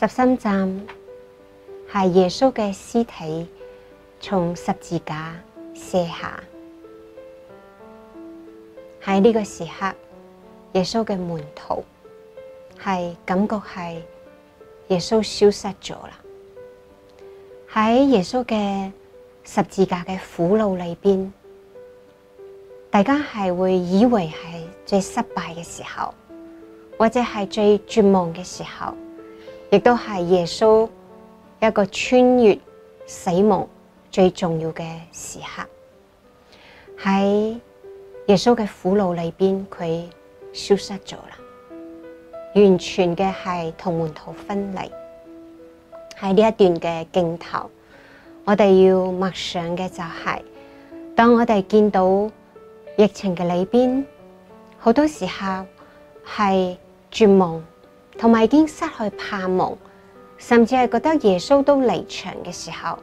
十三站係耶穌嘅屍體從十字架卸下，喺呢個時刻，耶穌嘅門徒係感覺係耶穌消失咗啦。喺耶穌嘅十字架嘅苦路裏邊，大家係會以為係最失敗嘅時候，或者係最絕望嘅時候。亦都係耶穌一個穿越死亡最重要嘅時刻，喺耶穌嘅苦路裏邊，佢消失咗啦，完全嘅係同門徒分離。喺呢一段嘅鏡頭，我哋要默想嘅就係、是，當我哋見到疫情嘅裏邊，好多時候係絕望。同埋已經失去盼望，甚至係覺得耶穌都離場嘅時候，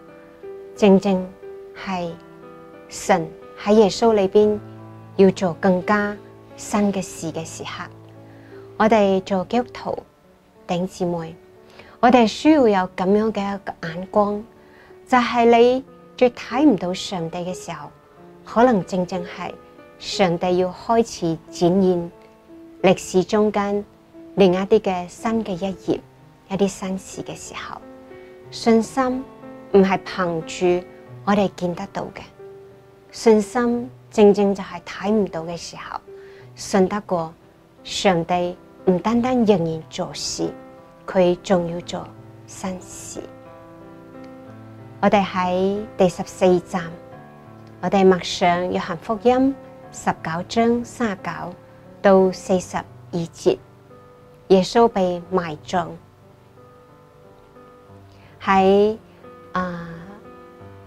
正正係神喺耶穌裏邊要做更加新嘅事嘅時刻。我哋做基督徒，頂姊妹，我哋需要有咁樣嘅一個眼光，就係你最睇唔到上帝嘅時候，可能正正係上帝要開始展現歷史中間。另一啲嘅新嘅一頁，一啲新事嘅時候，信心唔係憑住我哋見得到嘅信心，正正就係睇唔到嘅時候，信得過上帝。唔單單仍然做事，佢仲要做新事。我哋喺第十四站，我哋默上要行默想約翰福音十九章三十九到四十二節。耶穌被埋葬喺啊、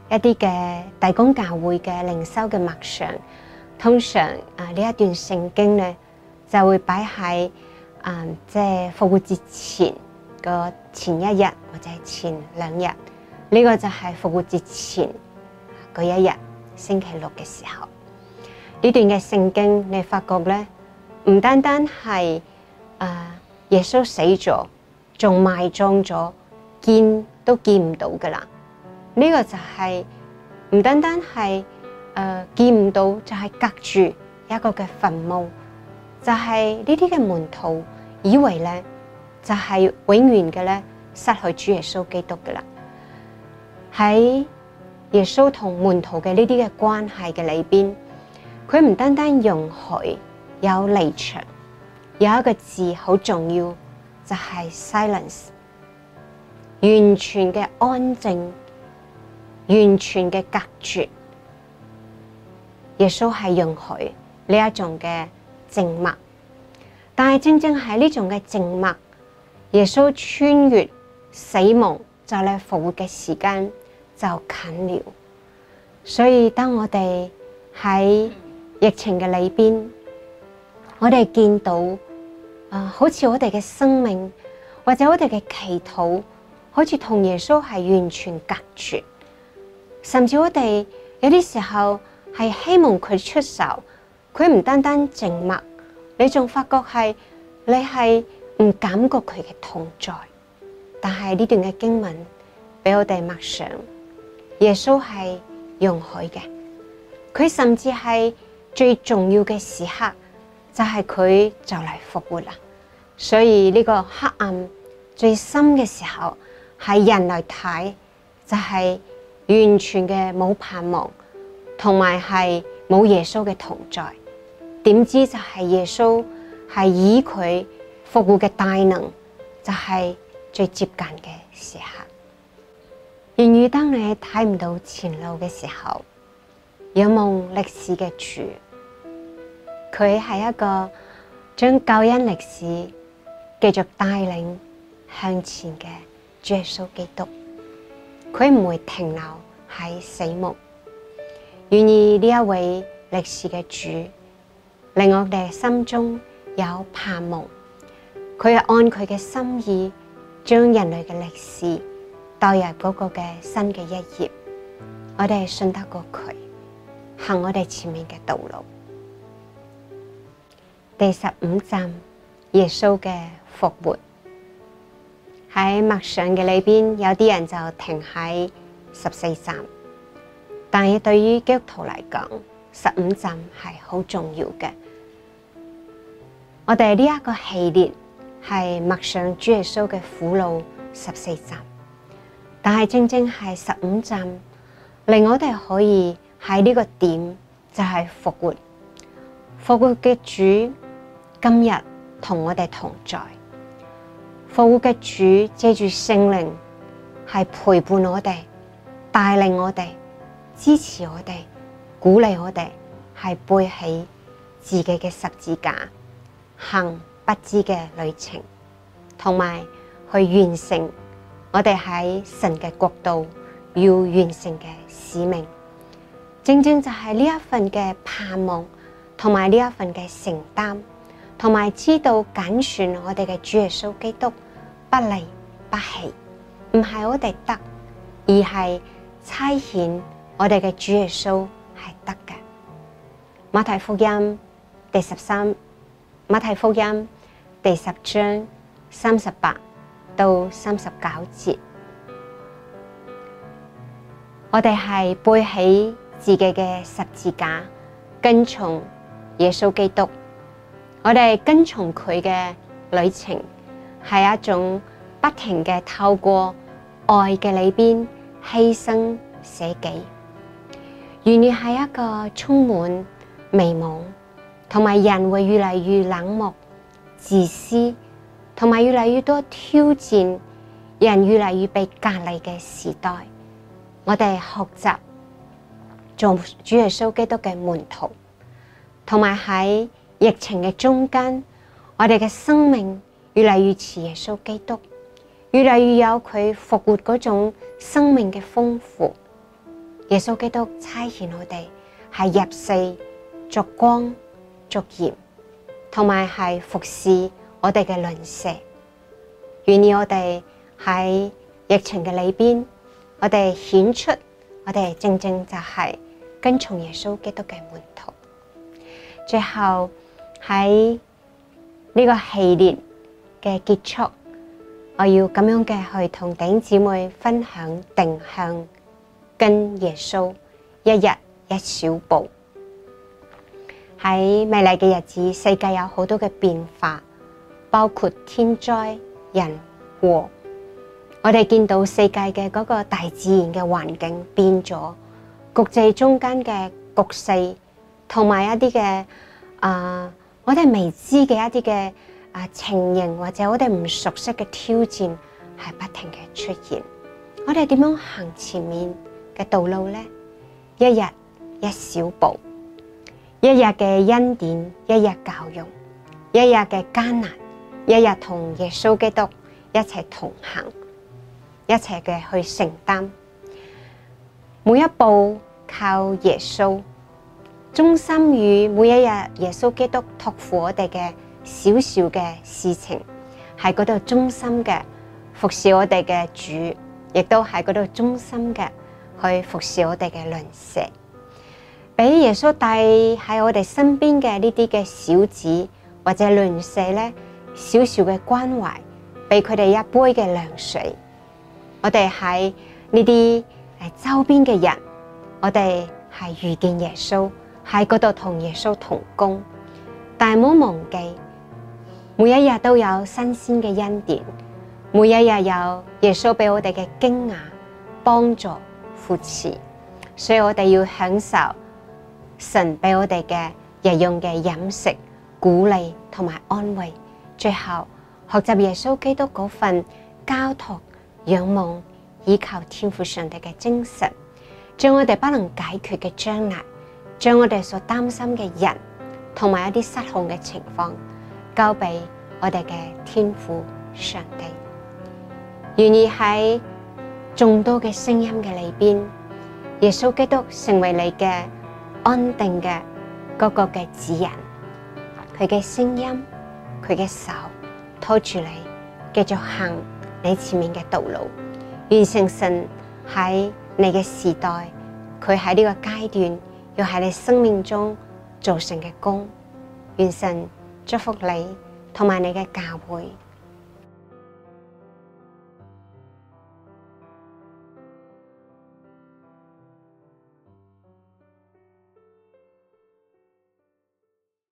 呃、一啲嘅大公教會嘅靈修嘅脈上。通常啊呢、呃、一段聖經咧就會擺喺啊，即係復活節前個前一日或者係前兩日呢、呢個就係復活節前嗰一日星期六嘅時候呢段嘅聖經，你發覺咧唔單單係啊。呃耶穌死咗，仲埋葬咗，見都見唔到噶啦。呢、這個就係、是、唔單單係誒、呃、見唔到，就係、是、隔住一個嘅墳墓，就係呢啲嘅門徒以為咧，就係、是、永遠嘅咧失去主耶穌基督噶啦。喺耶穌同門徒嘅呢啲嘅關係嘅裏邊，佢唔單單容許有離場。有一個字好重要，就係 silence，完全嘅安靜，完全嘅隔絕。耶穌係容許呢一種嘅靜默，但係正正喺呢種嘅靜默，耶穌穿越死亡，就嚟復活嘅時間就近了。所以當我哋喺疫情嘅裏邊，我哋見到。啊！好似我哋嘅生命，或者我哋嘅祈禱，好似同耶穌係完全隔絕。甚至我哋有啲時候係希望佢出手，佢唔單單靜默，你仲發覺係你係唔感覺佢嘅同在。但係呢段嘅經文俾我哋默想，耶穌係容許嘅，佢甚至係最重要嘅時刻。就係佢就嚟復活啦，所以呢個黑暗最深嘅時候，係人嚟睇就係、是、完全嘅冇盼望，同埋係冇耶穌嘅同在。點知就係耶穌係以佢復活嘅大能，就係、是、最接近嘅時刻。然而當你睇唔到前路嘅時候，仰望歷史嘅主。佢係一個將救恩歷史繼續帶領向前嘅耶穌基督，佢唔會停留喺死亡，願意呢一位歷史嘅主，令我哋心中有盼望。佢係按佢嘅心意，將人類嘅歷史帶入嗰個嘅新嘅一頁。我哋係信得過佢，行我哋前面嘅道路。第十五站，耶穌嘅復活喺默想嘅裏邊，有啲人就停喺十四站，但係對於基督徒嚟講，十五站係好重要嘅。我哋呢一個系列係默想主耶穌嘅苦路十四站，但係正正係十五站令我哋可以喺呢個點就係復活，復活嘅主。今日同我哋同在，復活嘅主借住聖靈，係陪伴我哋，帶領我哋，支持我哋，鼓勵我哋，係背起自己嘅十字架，行不知嘅旅程，同埋去完成我哋喺神嘅國度要完成嘅使命。正正就係呢一份嘅盼望，同埋呢一份嘅承擔。同埋知道揀選我哋嘅主耶穌基督不離不棄，唔係我哋得，而係差遣我哋嘅主耶穌係得嘅。馬太福音第十三，馬太福音第十章三十八到三十九節，我哋係背起自己嘅十字架，跟從耶穌基督。我哋跟從佢嘅旅程係一種不停嘅透過愛嘅裏邊犧牲捨己，而越係一個充滿迷茫同埋人會越嚟越冷漠、自私，同埋越嚟越多挑戰，人越嚟越被隔離嘅時代，我哋學習做主耶穌基督嘅門徒，同埋喺。疫情嘅中間，我哋嘅生命越嚟越似耶穌基督，越嚟越有佢復活嗰種生命嘅豐富。耶穌基督差遣我哋係入世、逐光、逐鹽，同埋係服侍我哋嘅鄰舍。願意我哋喺疫情嘅裏邊，我哋顯出我哋正正就係跟從耶穌基督嘅門徒。最後。喺呢個系列嘅結束，我要咁樣嘅去同弟兄姊妹分享，定向跟耶穌一日一小步。喺未來嘅日子，世界有好多嘅變化，包括天災人禍。我哋見到世界嘅嗰個大自然嘅環境變咗，國際中間嘅局勢同埋一啲嘅啊。呃我哋未知嘅一啲嘅啊情形，或者我哋唔熟悉嘅挑戰，係不停嘅出現。我哋點樣行前面嘅道路咧？一日一小步，一日嘅恩典，一日教育，一日嘅艱難，一日同耶穌基督一齊同行，一齊嘅去承擔，每一步靠耶穌。中心與每一日，耶穌基督託付我哋嘅小小嘅事情，喺嗰度中心嘅服侍我哋嘅主，亦都喺嗰度中心嘅去服侍我哋嘅鄰舍，俾耶穌帶喺我哋身邊嘅呢啲嘅小子或者鄰舍咧，少少嘅關懷，俾佢哋一杯嘅涼水。我哋喺呢啲誒周邊嘅人，我哋係遇見耶穌。喺嗰度同耶穌同工，但係唔好忘記每一日都有新鮮嘅恩典，每一日有耶穌俾我哋嘅驚訝、幫助、扶持，所以我哋要享受神俾我哋嘅日用嘅飲食、鼓勵同埋安慰。最後學習耶穌基督嗰份交託、仰望，依靠天父上帝嘅精神，將我哋不能解決嘅將來。將我哋所擔心嘅人，同埋一啲失控嘅情況，交俾我哋嘅天父上帝。願意喺眾多嘅聲音嘅裏邊，耶穌基督成為你嘅安定嘅嗰個嘅指引。佢嘅聲音，佢嘅手拖住你，繼續行你前面嘅道路，完成神喺你嘅時代。佢喺呢個階段。又係你生命中做成嘅工，願神祝福你同埋你嘅教會。